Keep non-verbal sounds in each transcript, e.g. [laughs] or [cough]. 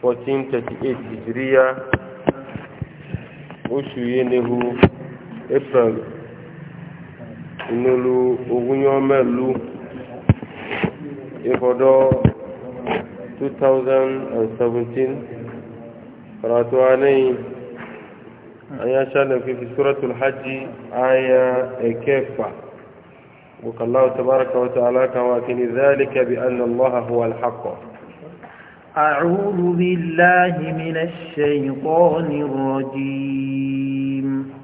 fourteen jiri ya hijriya oṣù yenehu april inolu ogunyomelu ifọdọ two thousand and karatu anayi aya ṣanafi fi suratul hajji aya ẹkẹfà. وقال تبارك وتعالى كواكن ذلك بأن الله هو الحق أعوذ بالله من الشيطان الرجيم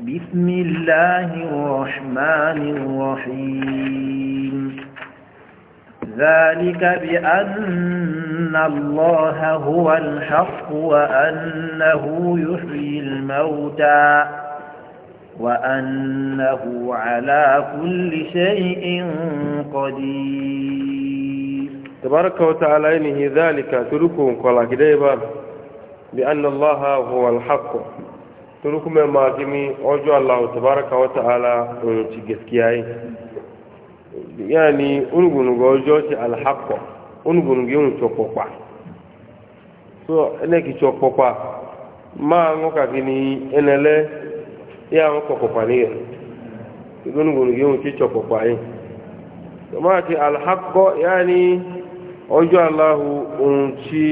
بسم الله الرحمن الرحيم ذلك بأن الله هو الحق وأنه يحيي الموتى وأنه على كل شيء قدير تبارك وتعالى إنه ذلك تركهم قال كديبا بأن الله هو الحق تركهم ما كمي أرجو الله تبارك وتعالى ونتجسكياي يعني أنقنق أرجو الحق أنقنق ينتقق so ene ki chokpokpa ma ngo kakini enele ya wọn kọkọpa ni yẹ igbónúgbònú yóò ti tsọkọpa yìí tomaati alhakọ yaani ọjọ alahu ohun tí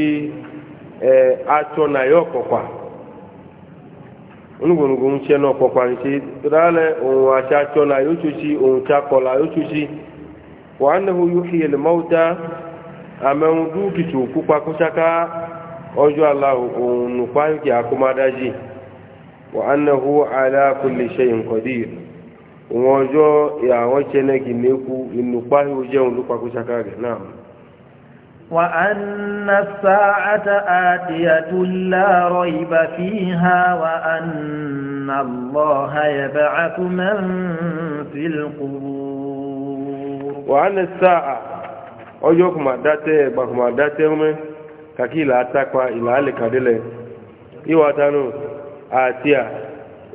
e, na ya kọpa onugbonugbo ń tsẹ náà kọpa ní ti rálẹ ohun na ya tsi ohun tí akọ la yóò tsi wàá nàhu yóò fi alahu وأنه على كل شيء قدير وجو يا وجهك نيكو إنه باهي وجهه لقاكو شكاك نعم وأن الساعة آتية لا ريب فيها وأن الله يبعث من في القبور وأن الساعة أجوكم أداتي بكم أداتي ككي لا تقوى إلى ألك أدلي إيواتانو atiya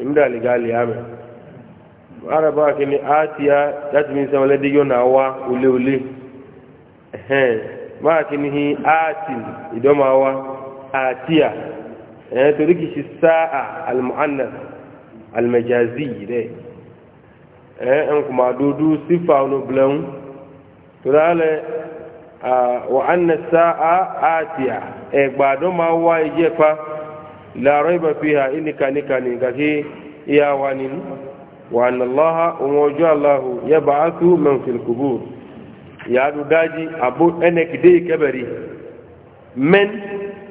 imda ligali ame araba kini atiya that means amale digo na wa ule ule eh ma kini hi atin idoma wa atiya eh toriki shi sa'a al muannas al majazi de eh an kuma dudu sifa no blan turale wa anna sa'a atiya e gbadoma wa ijepa la raiba fiha ini kani kani gaki iya wani wa anallaha umoju allahu ya ba'athu man fil qubur ya du daji abu ene kide kabari men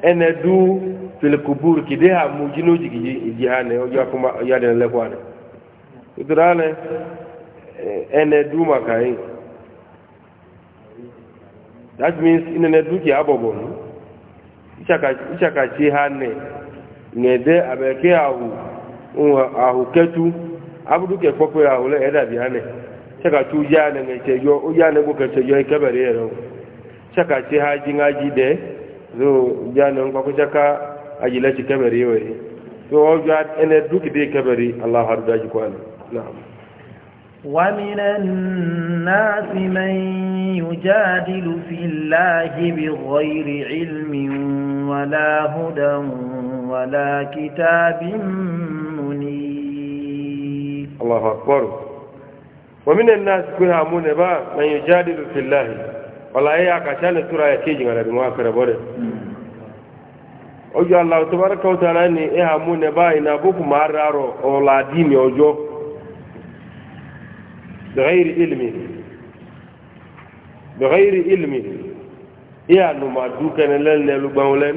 ene du fil qubur kide ha mujinu jigi jihane ya kuma ya den le kwane idrane ene du makai that means ina ne duki abobo ichaka ichaka chi hane ngede abeke ahu ketu abudu ke popo ya ole eda bi hane saka tu ya ne ngeche yo ya ne go keche yo ikebere yero saka ti haji ngaji de zo ya ne ngwa kuchaka ajile ti kebere yo yi so o ya duki de kebere allah harda ji kwana na'am ومن الناس من يجادل في الله بغير علم ولا هدى ولا كتاب منير الله أكبر ومن الناس كنا عمون با من يجادل في الله ولا يعكشان سورة يتيجي على بمواكرة بوري ojú aláwọ̀ tó bá rẹ̀ kọ́ta náà ni ẹ hàmú ní báyìí náà bó kù máa rárọ̀ ọ̀làdí ní ọjọ́ ilmi bẹ̀rẹ̀ ilmi ẹ hànú máa dúkẹ́ ní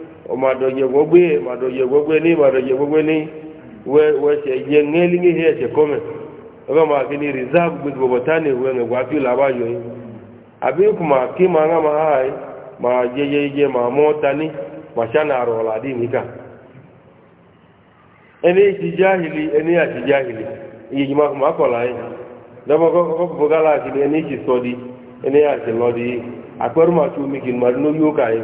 ọmọdọ̀yẹ gbogbo ọmọdọ̀yẹ gbogbo ní ọmọdọ̀yẹ gbogbo ní wẹ́ẹ̀ṣẹ̀ yẹ ńẹ́lí ní ẹ̀ṣẹ̀ kọ́mẹ̀ ọgbà máa kí ní rìsáàbù gbogbo bọ̀tá ní ìwé ẹ̀gbà fi làbáyọ̀ yìí àbí kò máa kí máa ń máa háì máa jẹjẹjẹ máa mọ́ ta ní màṣánà àrọ̀ ọ̀làdí nìkan ẹni ti jáhìlì ẹni àti jáhìlì iye jìmá kò máa kọ̀lá yìí lọ́mọ kọ́kọ́ gálà kìíní ẹni ti sọ di ẹni àti lọ́ di àpẹrùmọ̀ àti omi kìíní màdínú yóò kà yìí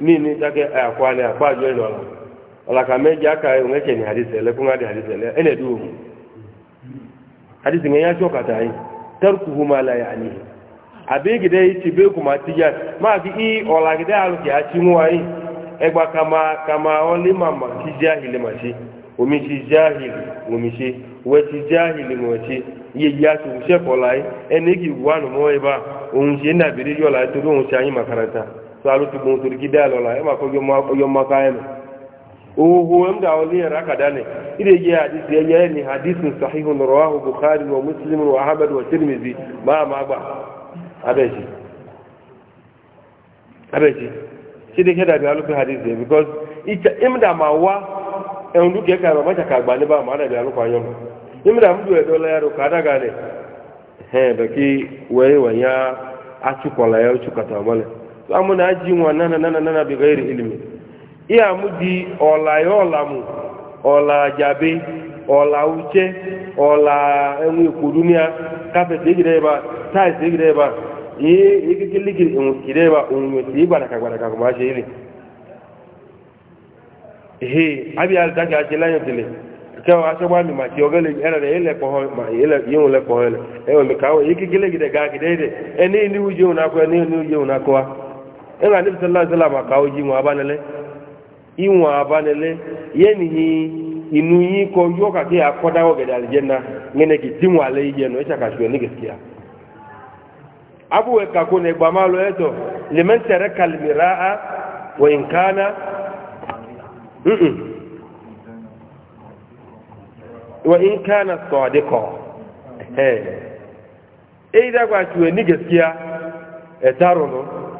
nini take ayakwani eh, akwajo ino la ala kameji aka ungeche ni hadithi ile kunga hadi hadithi ile ene du hadithi ngenya choka tai tarkuhu ma la yani abegi dai tibe kuma ma ki i ola gida alu ki kama kama oli mama kijahili machi omi kijahili omichi we kijahili mochi ye ya tu shekolai enegi wanu moiba biri yola to do onse ayin makaranta salu tu bon turki dalo la e ma ko yom yom ma kaem o ho am da wali ra ka dane ide je hadis ye e ye ni hadis sahih rawahu bukhari wa muslim wa ahmad wa tirmidhi ma ma ba abeji abeji sidi ke da bi alu hadis de because ita imda ma wa e ndu ke ka ba ma ta ka gba ni ba ma da bi alu kwa yom imda mdu e dola ya ro ka da ga ne he baki we we ya achukola ya uchukata male samu na aji nwa nana nana nana bi gairi ilimi iya mu di ọla ya ọla mu ọla jabe ọla uche ọla enwe kwuru ya kafet egide ebe tait egide ebe ihe ikike ligiri enwekide ebe omume si ịgbaraka gbaraka kuma ihe alita ka aji lanyo tele kewa achọgba mi ma ti kpọhọ ma kpọhọ ẹ̀rọ àníbi sọ́lá sọ́lá màkà ó yí wọn abánilẹ́ ìwọ̀n abánilẹ́ ni, inú yín kọ yọ kàkí akọ́dáwọ̀ gẹ̀dẹ̀ àlìjẹ́nà ngẹ́nẹ́ kì tí wọn alẹ́ yìí jẹ́ nù ẹ̀ṣà kàṣù ẹ̀ ní kìkìá. abúwẹ̀ kakó ní ẹgbàá máa lọ ẹ̀tọ̀ lèmẹ́ntẹ̀rẹ́ kàlìmìrà á wọ̀nyí nkánná wọ̀nyí nkánná sọ̀ọ́dẹ́kọ̀ ẹ̀ẹ́ ẹ̀ ní ẹ̀ dárò náà.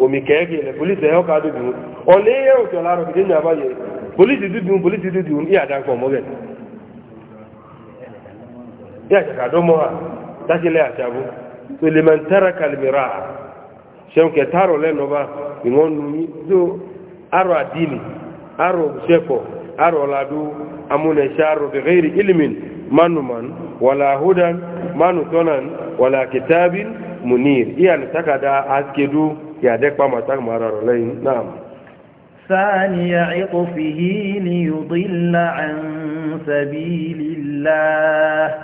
omi kɛɛkele polisi ɛyɔ ka dudu ɔlɛ yɛ o tɔla rɔ kete nyaba yɛ polisi dudu polisi dudu iya da kpɔmɔ bɛ iya jaka dɔmɔ ha taki lɛ asabu elementara kalimira sɛn kɛ taarɔ lɛ nɔba ìwɔn numi do arɔ adini arɔ sɛkɔ arɔ ladu amunɛsɛ arɔ wala hudan manu tɔnan wala kitabin munir iya ni takada askedu. يعدك ما لين نعم ثاني عطفه ليضل عن سبيل الله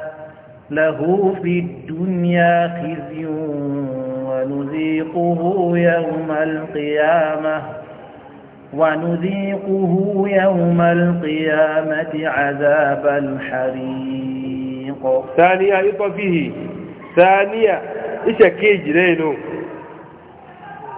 له في الدنيا خزي ونذيقه يوم القيامة ونذيقه يوم القيامة عذاب الحريق ثانية عطفه ثانية إيش لينو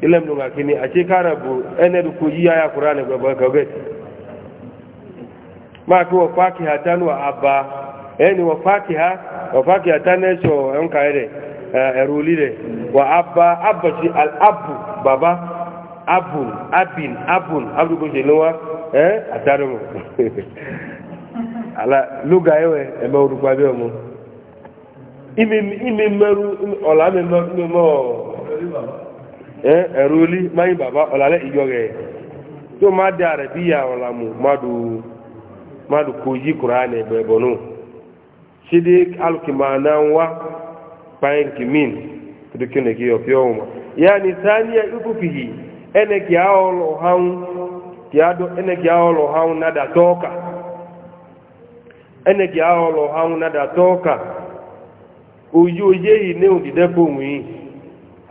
ilẹ̀ mú kàkíní àti káràbù ẹnẹ́dùkú yíyá ya kúrò ní gbogbo ẹgbẹ̀tì máa kí wọ́n fáàkì àtánù àbá ẹni wọ́n fáàkì ha wọ́n fáàkì àtánù ẹ̀ṣọ́ ẹ̀ǹkà rẹ̀ ẹ̀rù olí rẹ̀ wọ́n àbá àbọ̀sí àbù bàbá abùn abìn abùn abùdókò ṣe ní wá ẹ́ àtánù mọ̀ lóga ẹ̀wẹ̀ ẹ̀mẹ́ ẹ̀rọlí máyí bàbá ọ̀làlẹ́ ìjọgẹ̀ tó má dá rẹ̀ bí yà ọ̀làmù mádù kò yí kùránì ẹ̀bẹ̀bọ̀ náà ṣe dé alùkìmà náà wá pàyẹ̀nkì mín kìdókìnàkì ọ̀fẹ́ ọ̀hún yà ní sáníà ìfúfìhì ẹnẹ̀kì àọ̀lọ̀háun nádà tọ́ọ̀kà ojú oyé yìí ní òdìdẹ́fò wọ̀nyí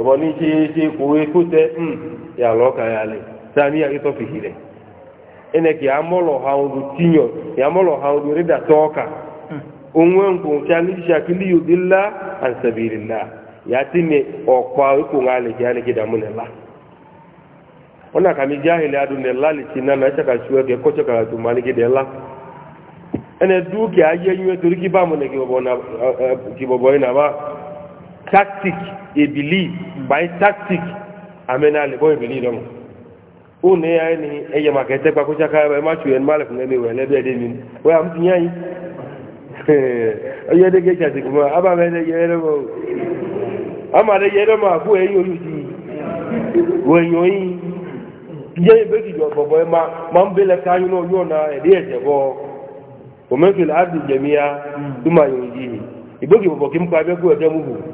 ẹ̀bọ̀ ní ṣe ṣe kòwé kó tẹ́ ń hmm, yà lọ́ọ̀kà yà lẹ̀ sani àyètọ́ fìhì rẹ̀ ẹnẹ kì á mọ́lọ̀ ha odò tíyọ̀ kì á mọ́lọ̀ ha odò rídà tọ́ọ̀kà ohun hmm. ẹ̀ǹkùn kí a ní ṣàkílì òdì ńlá àǹsàbìrì ńlá yà á ti ní ọ̀pọ̀ ikò ńlá lè jẹ́ àlejò dàmú nìlá wọn nàkà mi jẹ́ àhìlẹ̀ adùn nìlá lè ti nánà ẹ̀ṣàkà ṣú ẹ̀kẹ́ kọ́ṣọ́ kàrà tactic ebili by tactic amena le bo ebili don o ne ya ni eye eh, ma ke pa ko chaka e ma chu en male fun emi we be de mi we am ti [laughs] de ti kuma aba me de ye le ama de ye le ma ku e yo yu ti we yo yi ye be ki do bobo e ma ma mbe bele ka yu no yo na e de e je bo o me la jemia duma mm. yo ibogi bobo kim be ku e de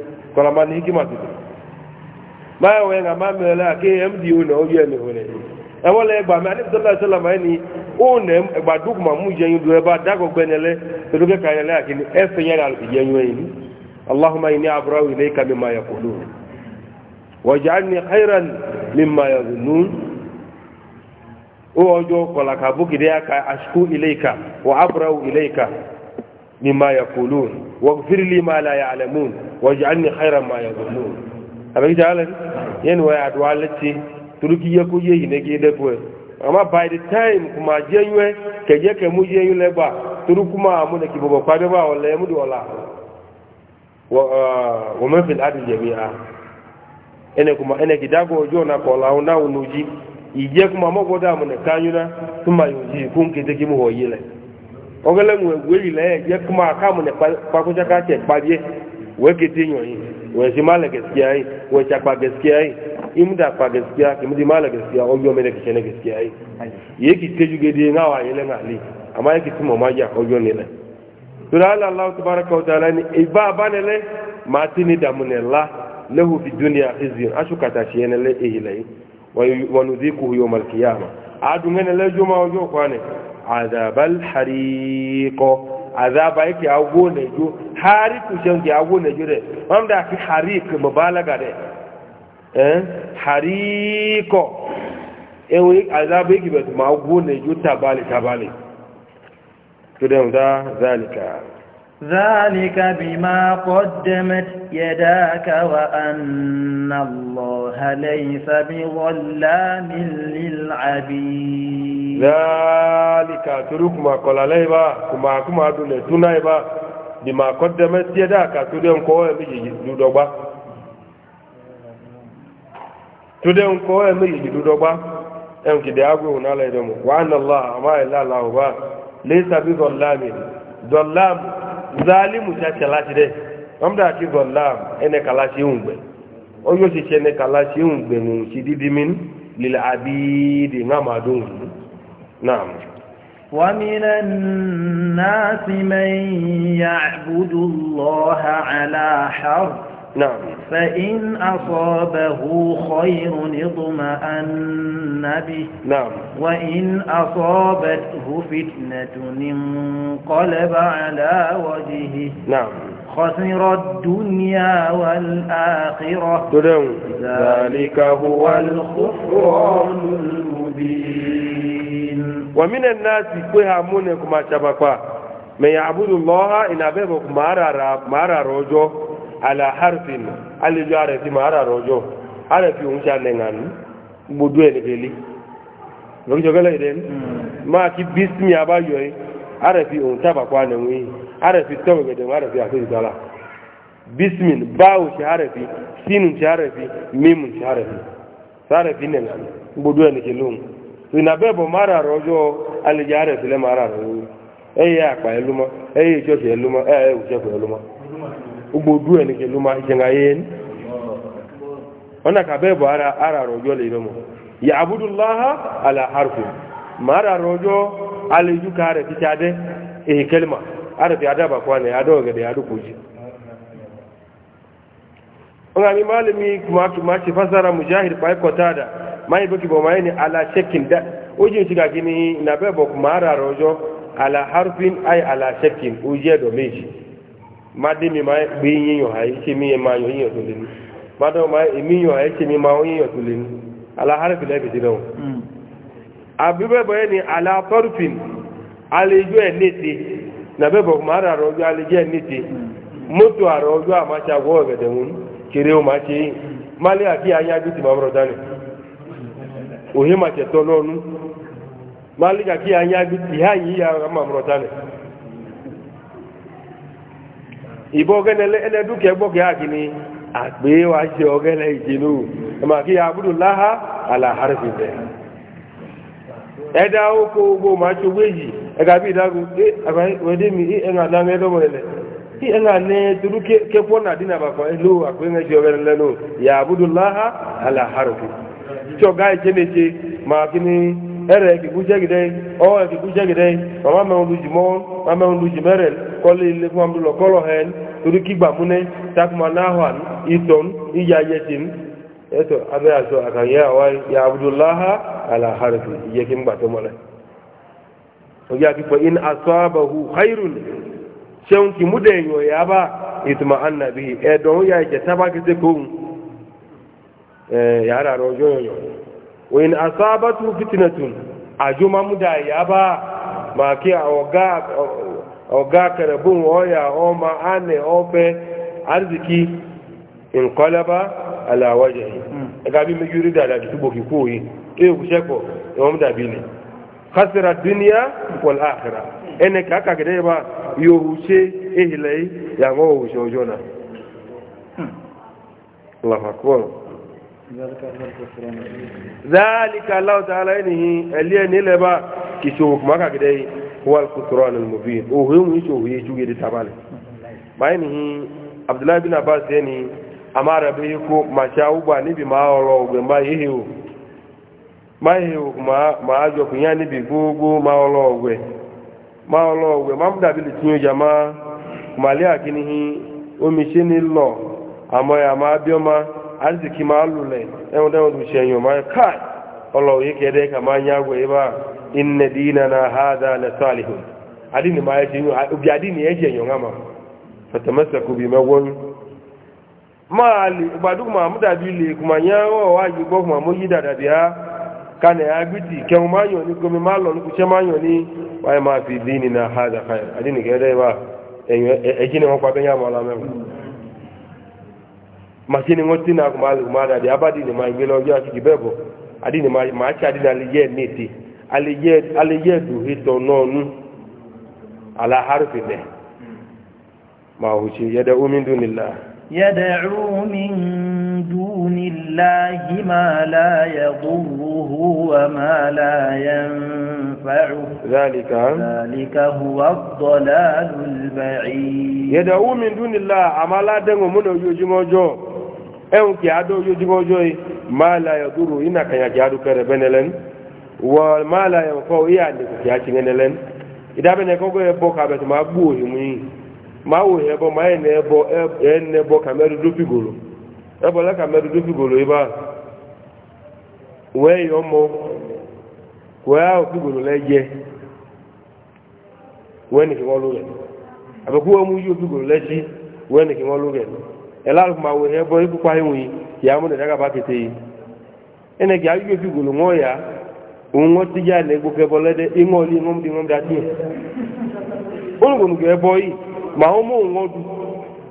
kọlọmọ ní hikima tuntun báyọ̀ wẹ̀ nga máa mẹ́rin láà kí mdo nà ó yẹ nìhun rẹ̀ ẹ̀wọ́n lẹ́ gbàmí anibisọ́lá sọ́lá máa ní ó nà ẹgbà dúkùmá mú yẹn dùn ẹ̀bá dàgọ̀ gbẹ̀nẹ̀lẹ́ tòlókè kàyẹ̀ láà kí ni ẹ fẹ́ yẹn yẹn yẹn ni allahumma yìí ní abúráwì ilé ìka mi máa yẹ kó lóun wọ̀jà ni xayiran mi máa yẹ nùn ó ọjọ́ مما يقولون واغفر لي ما لا يعلمون واجعلني خيرا ما يظنون أبي جعلن ينوى أدعاء التي تركي يكو يهي نجي دكوه amma by the time kuma jenywe ke je ke mu jenyu le ba turu kuma mu ne kibobo kwabe ba wala mu do wala wa wa man fil adi jami'a ene kuma ene kidago jo na ko la una unuji ije kuma mo goda mu ne kanyuna tuma yuji kun ke te kimu hoyile ogele nwe gwe ile je kuma ka mu ne pa ko jaka che pa wee we ke ti we si male ke ski ai we cha pa ke ski ai imda pa ke male ke o yo mele ke chene ke ye ki ge di nga wa nga li ama ye ki mo ma o yo le ni le ma ti ni ne la lahu fi dunya khizyun ashuka ta shi ne le ihilai wa nudhiquhu qiyamah adu ngene le azabal hariko azaba yake ago ne jo hariku shan ke ago ne jo de wanda ki harik mubalaga de eh hariko ewe azaba yake bet ma ago ne jo tabali tabali to da zalika ذلك بما قدمت يداك وأن الله ليس بظلام للعبيد ذلك ترك ما قال ليبا كما كما دون تنايبا بما قدمت يداك تدين قوة مجي جدوبا تدين قوة مجي جدوبا أم كده أقول هنا ليدمو وأن الله ما إلا الله ليس بظلام ظلام zalimu tsatsa lati dɛ ɔmuda ti zɔlam ɛnɛ kala si ŋu gbɛ ɔyɔ tsitsi ɛnɛ kala si ŋu gbɛ ŋu tsi didi min lila abiidi ŋa ma do ŋu naam. ومن الناس من يعبد الله على حرف نعم فإن أصابه خير اطمأن به نعم وإن أصابته فتنة انقلب على وجهه نعم خسر الدنيا والآخرة ذلك هو الخسران المبين ومن الناس كوها مونك ما شبكوا من يعبد الله إن أبيبك مارا رجو ala harfin alijo arefi hmm. ma e. ara rojo arefi un cha nengan budu en geli lórí jọgẹ́lẹ̀ ìdẹ́ máa kí bísmì àbáyọ̀ ẹ́ àrẹ̀fì òun tábàkọ́ ànẹ̀wò yìí àrẹ̀fì tọ́wẹ̀gẹ̀dẹ̀ àrẹ̀fì àfẹ́jìdára bísmì báwò ṣe àrẹ̀fì sínú ṣe àrẹ̀fì mímù ṣe mara ara eya ugbo du ẹni kẹlu ma ìṣẹ̀ngà yẹn ọ̀nà kàbẹ́ bọ̀ ara ara lè lọ́mọ ya abudullaha ala harfi ma ara rọ̀jọ́ alẹ́júkà rẹ̀ ti ṣadẹ́ èyí kẹlma ara fi adaba kwa ne adọ́ ọ̀gẹ̀dẹ̀ adókòjì ọ̀nà mi máa lè mi máa ṣe fásara mujahid pa táàdà máa yẹ bókì bọ̀ máa yẹ ni ala shekin dá ó jẹ́ ìṣìkà kí ni ìnàbẹ́ bọ̀ ara rọ̀jọ́ ala harfin ay ala shekin ó jẹ́ ẹ̀dọ̀ méjì made mi ma gbe yin yo ha ise mi ma yo yin to le ni mado ma emi yo ha ise mi ma o otu yo ala harfi la bidin o abi be be ni ala tarfin ale jo e niti na be bo ma ra rojo ale je niti moto ara ojo ama cha go gede mun kire o ma che male aki anya bi ti ma bro dani o he ma che to lonu male aki anya bi ti ha yi ya ma bro dani ìbọn ọgẹ́nẹlẹ ẹnẹdúkẹ́ gbọ́gẹ́ àgìní àgbé wa ṣe ọgẹ́nẹ ìjìnú ẹmà kí àbúrò láhá àlàhárẹ̀fì bẹ̀ ẹ̀dá oko ogbó máa ṣe ogbó èyí ẹ̀ka bí ìdágun ẹ àgbàdé mi ẹ̀ngà dáná ẹ̀dọ́mọ ẹ̀lẹ̀ kí ẹ̀ngà nẹ torí kẹ́kọ́ náà dínà bàbá àgbé ṣe ìyá láhá máa kí ni kìkú ọ kọ́lé ilé fún abúlọ̀ kọ́lọ̀ hẹn torí kígbà múnẹ́ takuma náhàn ìtọ̀n ìyá yẹtìn ẹ̀tọ́ abẹ́ àṣọ àkànyẹ́ àwa ya abudulaha alaharifi ìyẹ́ kí ń gbà tó mọ́lẹ̀ òye àkíkọ̀ in asọ́abahu hairun ṣeun kì mú dẹ̀ yàn yà bá ìtumọ̀ annabi ẹ̀dọ̀ ya ìjẹ́ tábàkìtì kóhun yàrá rẹ̀ ọjọ́ fitinatun àjọ bá àwọn gáà ọ̀gá kẹrẹ̀bùn ọ̀yà ọmọ ánẹ̀ ọ̀fẹ́ arziki nkọlẹ́bá aláwọ̀jẹ̀ ẹ̀ka bí méjì rí dàdà tó gbòkì kú òye ewu sẹ́kọ̀ ìwọ̀n dàbí ilẹ̀ kásìrà ya wọ̀l àkàrà ẹnì kàkà kẹ̀dẹ́ bá yòówù ṣe ehìlẹ̀ yàgò òwò هو القطران المبين وهم يشو هي جوجي دي تابالي ما ني عبد الله بن عباس يعني amara be ko ma ma oro gbe ma yehu ma yehu ma ya ni bi ma oro gbe ma oro gbe ma mda bi tin jama ma le akini hi o mi se ni lo ya ma bi ma arziki ma lule e won ka ma nya gwe a. inna dinana hadha la salihun adini ma yaje ubi adini yaje yon ama fatamassaku bima won mali gbadu ma muda bi le kuma nya o wa ji gbo kuma mo yi dada biya kana ya gbiti ke ma yon ni komi ma lo ni ku che ma yon ni wa ma fi dinina hadha khair adini ke dai ba e, e, ejini won pa be ya mo la me masini won tina kuma kuma dada biya abadi ni ma gbe lo yo ki bebo adini ma ma cha adini ali ye niti aliyedu hito nonu ala harfi ne ma huce yada umin dunillah yada'u min dunillahi ma la yadurruhu wa ma la yanfa'u zalika zalika huwa ad-dalalul ba'id yada'u min dunillah amala dango muno yojumojo en ki ado yojumojo ma la yadurru ina kanya ki adu kare benelen wal mala ya ko iya da ku ya cin nelen ida bene ko go ebo ka beto ma gbu ohi mu ma wo ebo ma ene ebo e, ene ebo ka meru du figolo ebo la ka meru du figolo iba we yo mo ko ya o figolo le je we ni ki wo lu le abe ku o mu yo figolo le ji we ni ki wo lu le ela ma wo ebo iku e pa yi mu ya mu ne daga ba kete yi ene ki ayu figolo ngo ya onwe tiji a na-egboke bolede ime oli ṅom dị ṅom dati onugbonugbo ebe oyi ma ụmụ nwodu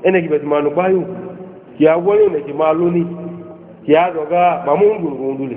enegibedi ma nụ gbayo ki agwọ yo neji ma loni ki adọga ma mụ ngwurugwo ndule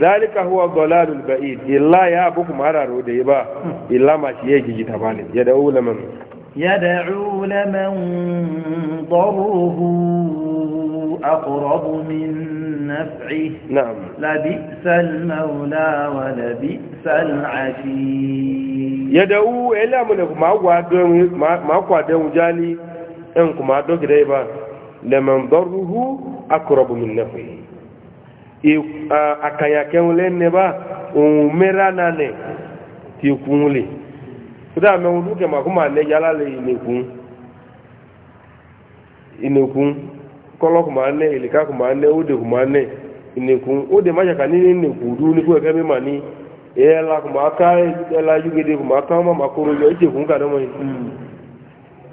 zalika huwa dalalul ba'id illa ya abuku mararo da ba illa ma shi yake gita bane ya da'u laman yad'u laman daruhu aqrab min naf'i na'am la bi'sal mawla wa la bi'sal 'ashir yad'u ila mun ma gwa don ma kwa don jali en kuma dogire ba laman daruhu aqrab min naf'i Uh, akayakɛw lɛ nɛba ohun mɛra nanɛ ti kun le kuta mɛ wulu kɛmɛ kuma anɛ yala le inekun inekun kɔlɔ kuma anɛ elika kuma anɛ ode kuma anɛ inekun ode ma yaka ni inekun du ni kuwa kɛmɛ ma ni ɛla kuma aka ɛla yugede kuma aka ma ma koro yɔ ete kun ka dɔmɔ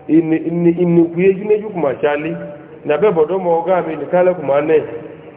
yi hmm. inekun ye juneju kuma sali nabɛ bɔdɔ mɔ ɔga mi nika lɛ kuma anɛ.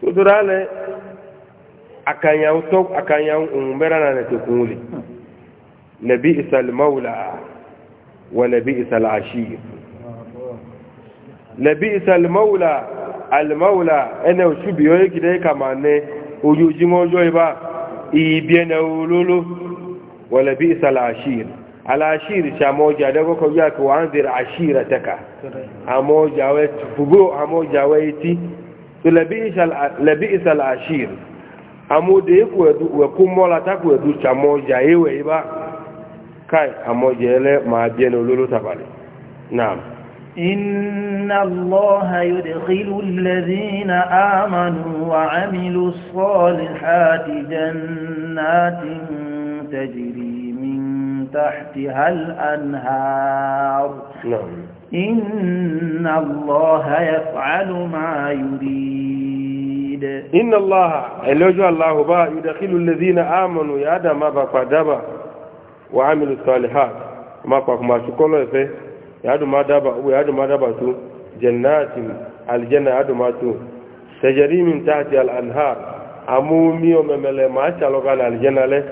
sotora lɛ akanyawo tɔ akanyawo ŋun bɛra na lɛ tekun le nabi isalimaw la wa nabi isalaasi nabi isalimaw la alimaw la ɛnɛ o subi o ye kide kama ne ojoojumɔjɔ yi ba iyi biɛ na o lolo wa nabi isalaasi alaasiri ti amɔja dɛgɔ kɔjá ko anzir asira tɛka amɔja wɛ fugo amɔja wɛ eti so labi isal ashir amode eku edu weku mola taku edu chamoja ewe iba kai amoja ele maabiene ololo tabali naam إن الله يدخل الذين آمنوا وعملوا الصالحات جنات تجري من تحتها الأنهار نعم إن الله يفعل ما يريد إن الله إلوجو الله با يدخل الذين آمنوا يا ما بقى دبا وعملوا الصالحات ما بقى ما شكولا فيه يا ما دبا ويا ما دبا تو جنات الجنة يا ما تو تجري من تحت الأنهار أمومي ومملي ما شالوا الجنة له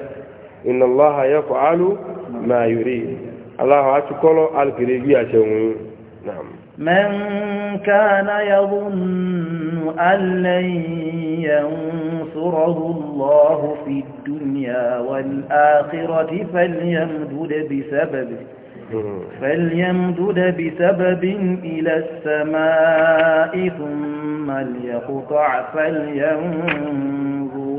إن الله يفعل ما يريد الله أشكولا الكريم يا شيخ نعم من كان يظن أن لن ينصره الله في الدنيا والآخرة فليمدد بسبب فليمدد بسبب إلى السماء ثم ليقطع فلينظر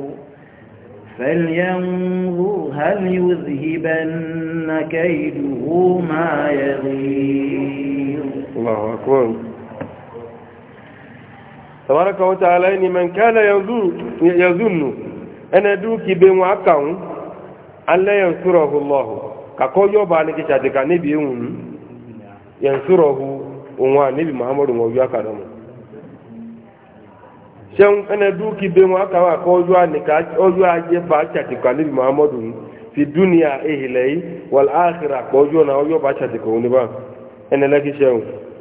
فلينظر هل يذهبن كيده ما يغيب الله أكبر تبارك وتعالى إن من كان يظن أن دوكي بين أن لا ينصره الله كاكو يوبا نكي شادكا نبي ينصره ونوى نبي محمد ويوكا نمو sẹ́wọ́n ẹnẹ dúkì wọn àníkà bá muhammadu fi dúnìá náà bá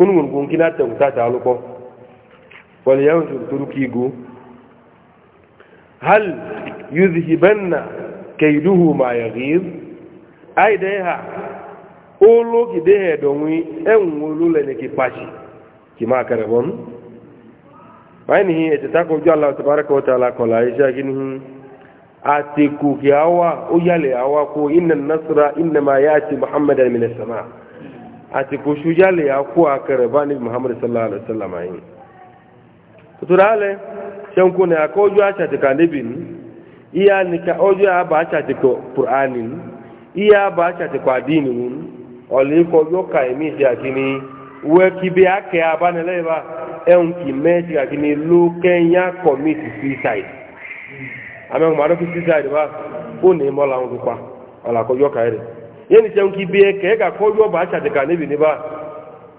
kunu ŋun kina tɛgu ta ta alukɔ wali yan su turu kiigu hal yuzhibanna kaiduhu ma yaghir ai dai ha olo ki de he donwi en wolu le ne ki pachi ki ma kare bon wani hi et ati ko shujale ya ku akare bani muhammad sallallahu alaihi wasallam ayin tuturale shan ku ne akoju acha te kanibin iya ni ka oju aba acha te ko qur'anin iya aba acha te ko adinin oli ko yo ka emi ti akini we ki bi ake abane leba eun ki me ti akini lo kenya commit suicide amen ma ki suicide ba o ni mo la on ku pa ola ko yo ka ere yẹni tẹ nkí bíi kẹ ká kọjú ọba àtsàdìkà níbi níbà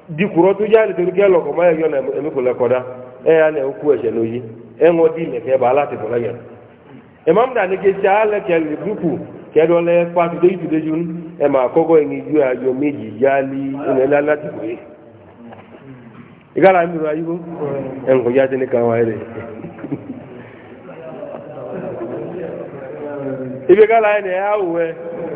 dikurọ tó yára nítorí kẹ lọkọ máa yọ ẹmí kò lẹkọ dá ẹ yà ni òkú ẹsẹ lóyí ẹ ń ọdí lẹkẹ bá aláti fọlá yẹn ìmàmù dàní ké tí alẹ kẹ lè dúkù kẹ dọ lẹ kpa tó déyìí tó déyìí nù ẹ máa kọkọ ẹni ju ayọ méjì yáli ẹni ẹni aláti kò yé ìgbàlá mi rọ ayíwó ẹ ń kọjú àti ní káwá yẹn lẹ. ibi ká láyé ni ẹ á ẹ.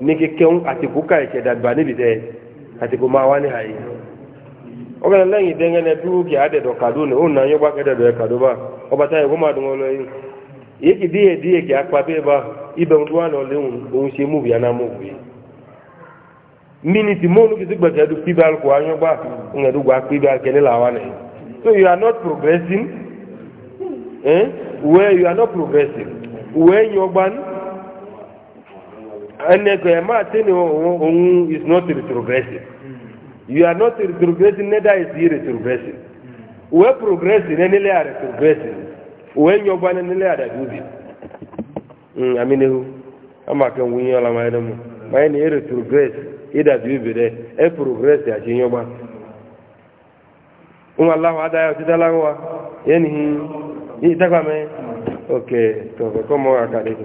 ní kékeré àtìkú ká ẹ̀ṣẹ̀ dàgbà níbi dẹ́ àtìkú máa wá ní àyè ọgbẹ́ni lẹ́yìn dẹ́ngẹ́ ní dúró kí àdẹ̀dọ̀ kàdó ní òun náà yóò bá kẹ́dẹ̀dọ̀ ẹ̀ kàdó bá ọba táyà kó máa dùn wọn èyí kì díẹ̀ díẹ̀ kì apá bẹ́ẹ̀ bá ibẹ̀ ń dúwà lọ so you are not progressing eh? where you are not progressing where you are ẹnẹgbẹ máa tẹ ni òun is not retrogressive hmm. you are not retrogressing neither is he retrogressing wẹ́ progressing ẹnilẹ́ à retrogressing wẹ́ nyọba ẹnilẹ́ à dàdúbi aminihu ama kẹ ń wúnyẹ ọlọmọ ẹni mu e e báyìí e ni ẹ retrogress ẹ dàdúbi dẹ ẹ progress àti nyọba ń aláwọ̀ adáyọ̀ títí aláwọ̀ wa yẹ́nì yìí ìtẹ́kọ̀ mẹ́ ok tọ̀fẹ̀ kọ́ mọ́ àkàdé kù.